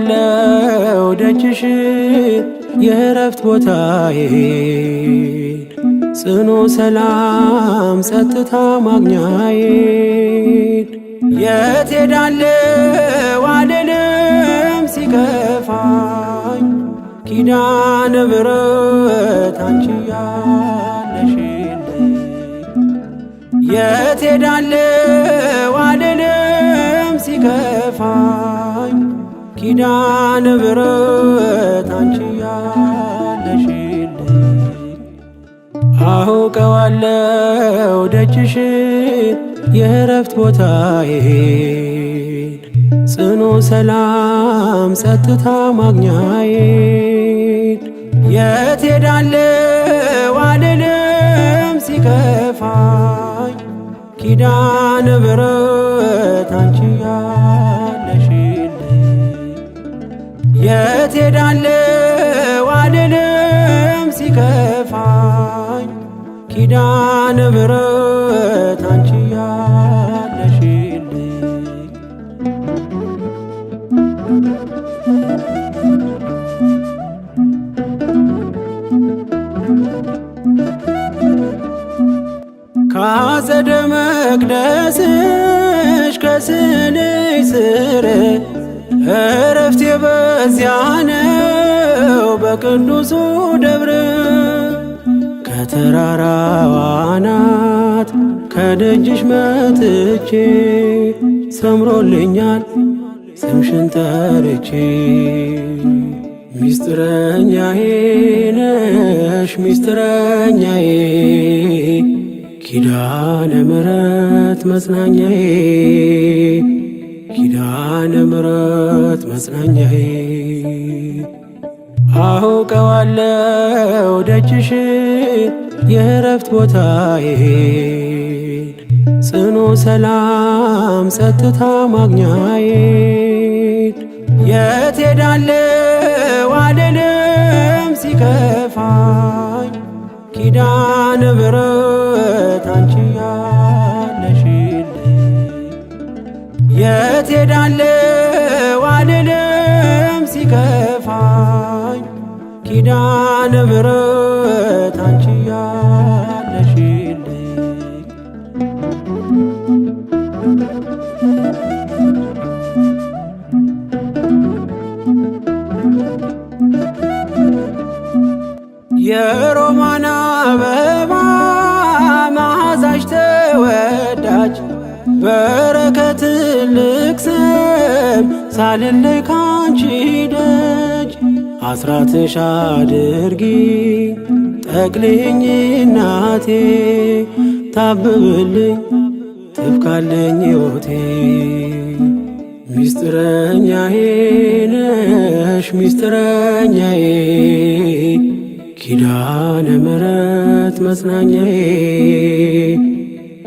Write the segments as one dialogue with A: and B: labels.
A: አለው ደጅሽ የእረፍት ቦታዬ ጽኑ ሰላም ጸጥታ ማግኛዬ የት ሄዳለው አልልም ሲከፋኝ ኪዳነ ምሕረት አንቺ ያለሽልኝ የት ሄዳለው ኪዳነ ምሕረት አንቺ ያለሽልኝ አውቀዋለሁ ደጅሽን የእረፍት ቦታዬን ጽኑ ሰላም ጸጥታ ማግኛዬን የት ሄዳለሁ አልልም ሲከፋኝ ኪዳነ ምሕረት አንቺ የት ሄዳለሁ አልልም ሲከፋኝ ኪዳነ ምሕረት አንቺ
B: በዚያ ነው በቅዱሱ ደብረ ከተራራዋ ከደጅሽ መጥቼ ሰምሮልኛል ስምሽን ጠርቼ ሚስጥረኛዬ ነሽ ሚስጥረኛዬ ኪዳነ ምሕረት መጽናኛዬ ኪዳነ ምሕረት መጽናኛዬ አውቀዋለሁ ደጅሽ የእረፍት ቦታዬ ጽኑ ሰላም ጸጥታ ማግኛዬ የት ሄዳለሁ አልልም ሲከፋኝ ኪዳነ ምሕረት የት ሄዳለው አልልም ሲከፋኝ ኪዳነ ምሕረት አንቺ ያለሽልኝ
C: የሮማን አበባ መዓዛሽ ተወዳጅ ትልቅ ሰብ ሳልለይ ካንቺ ደጅ አስራትሽ አድርጊ ጠቅልኝ እናቴ ታብብልኝ ትብካለኝ ወቴ ሚስጥረኛዬ ነሽ ሚስጥረኛዬ ኪዳነ ምሕረት መጽናኛዬ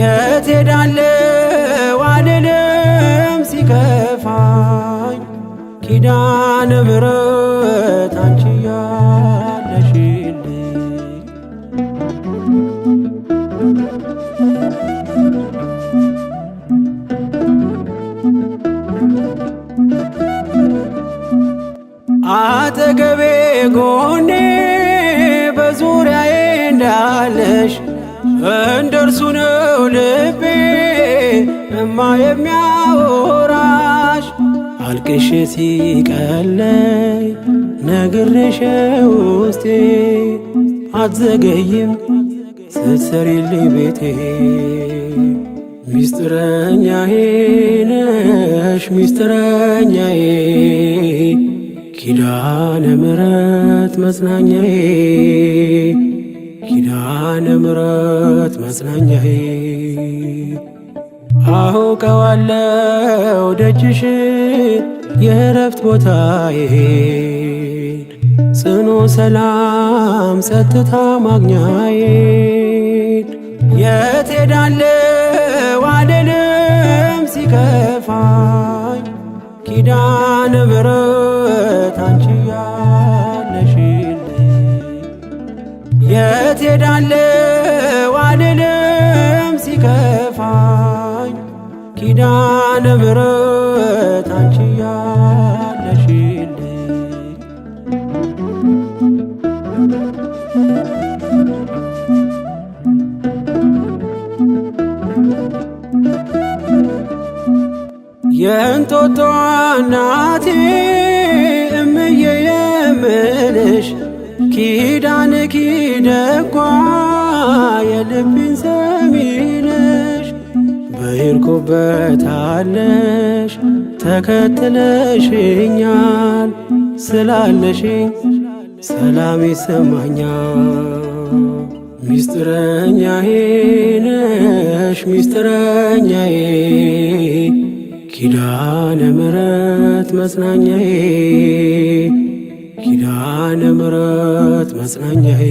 C: የት ሄዳለሁ አልልም ሲከፋኝ ኪዳነ ምሕረት አንቺ ያለሽልኝ
D: አጠገቤ ጎኔ እርሱ ነው ልቤ እማ የሚያወራሽ አልቅሽ ሲቀለይ ነግሬሽ ውስጤ አትዘገይም ስትሰሪልኝ ቤቴ ሚስጥረኛዬ ነሽ ሚስጥረኛዬ ኪዳነ ምሕረት መጽናኛዬ ኪዳነ ምሕረት መጽናኛዬ አውቀዋለሁ ደጅሽ የእረፍት ቦታዬ ጽኑ ሰላም ጸጥታ ማግኛዬ የት ሄዳለሁ አልልም ሲከፋኝ ኪዳነ ምሕረት እሄዳለሁ አልልም ሲከፋኝ ኪዳነ ምሕረት አንቺ ያለሽልኝ
E: የእንጦጦ እናቴ ኪዳን ኪደኳ የልብን ሰሚነሽ በይርኩበታለሽ ተከትለሽኛል ስላለሽኝ ሰላም ይሰማኛል። ሚስጥረኛዬ ነሽ ሚስጥረኛዬ ኪዳነ ምሕረት መጽናኛዬ ኪዳነ ምሕረት መጽናኛዬ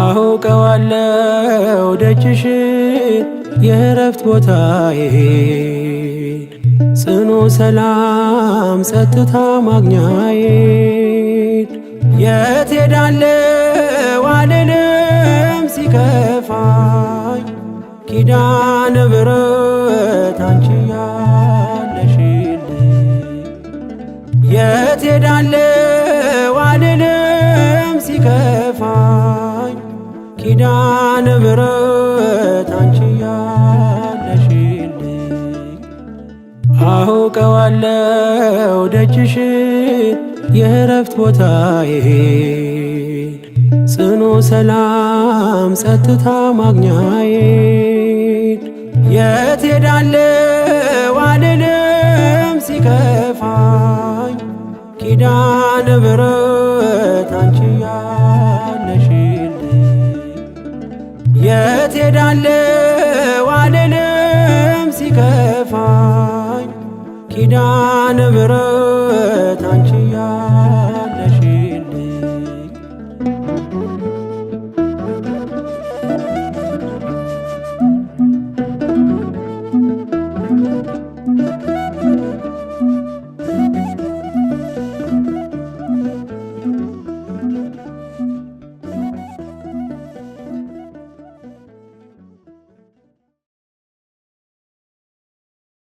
E: አውቀዋለው ደጅሽን የእረፍት ቦታዬ ጽኑ ሰላም ጸጥታ ማግኛዬን የት ሄዳለው አልልም ሲከፋኝ ኪዳነ ምሕረት አንቺ ሄዳለው አልልም ሲከፋኝ ኪዳነ ምሕረት አንቺ ያለሽልኝ አውቀዋለው ደጅሽን የእረፍት ቦታዬን ጽኑ ሰላም ጸጥታ ማግኛዬ ሲከፋኝ ኪዳነ ምሕረት አንቺ ያለሽልኝ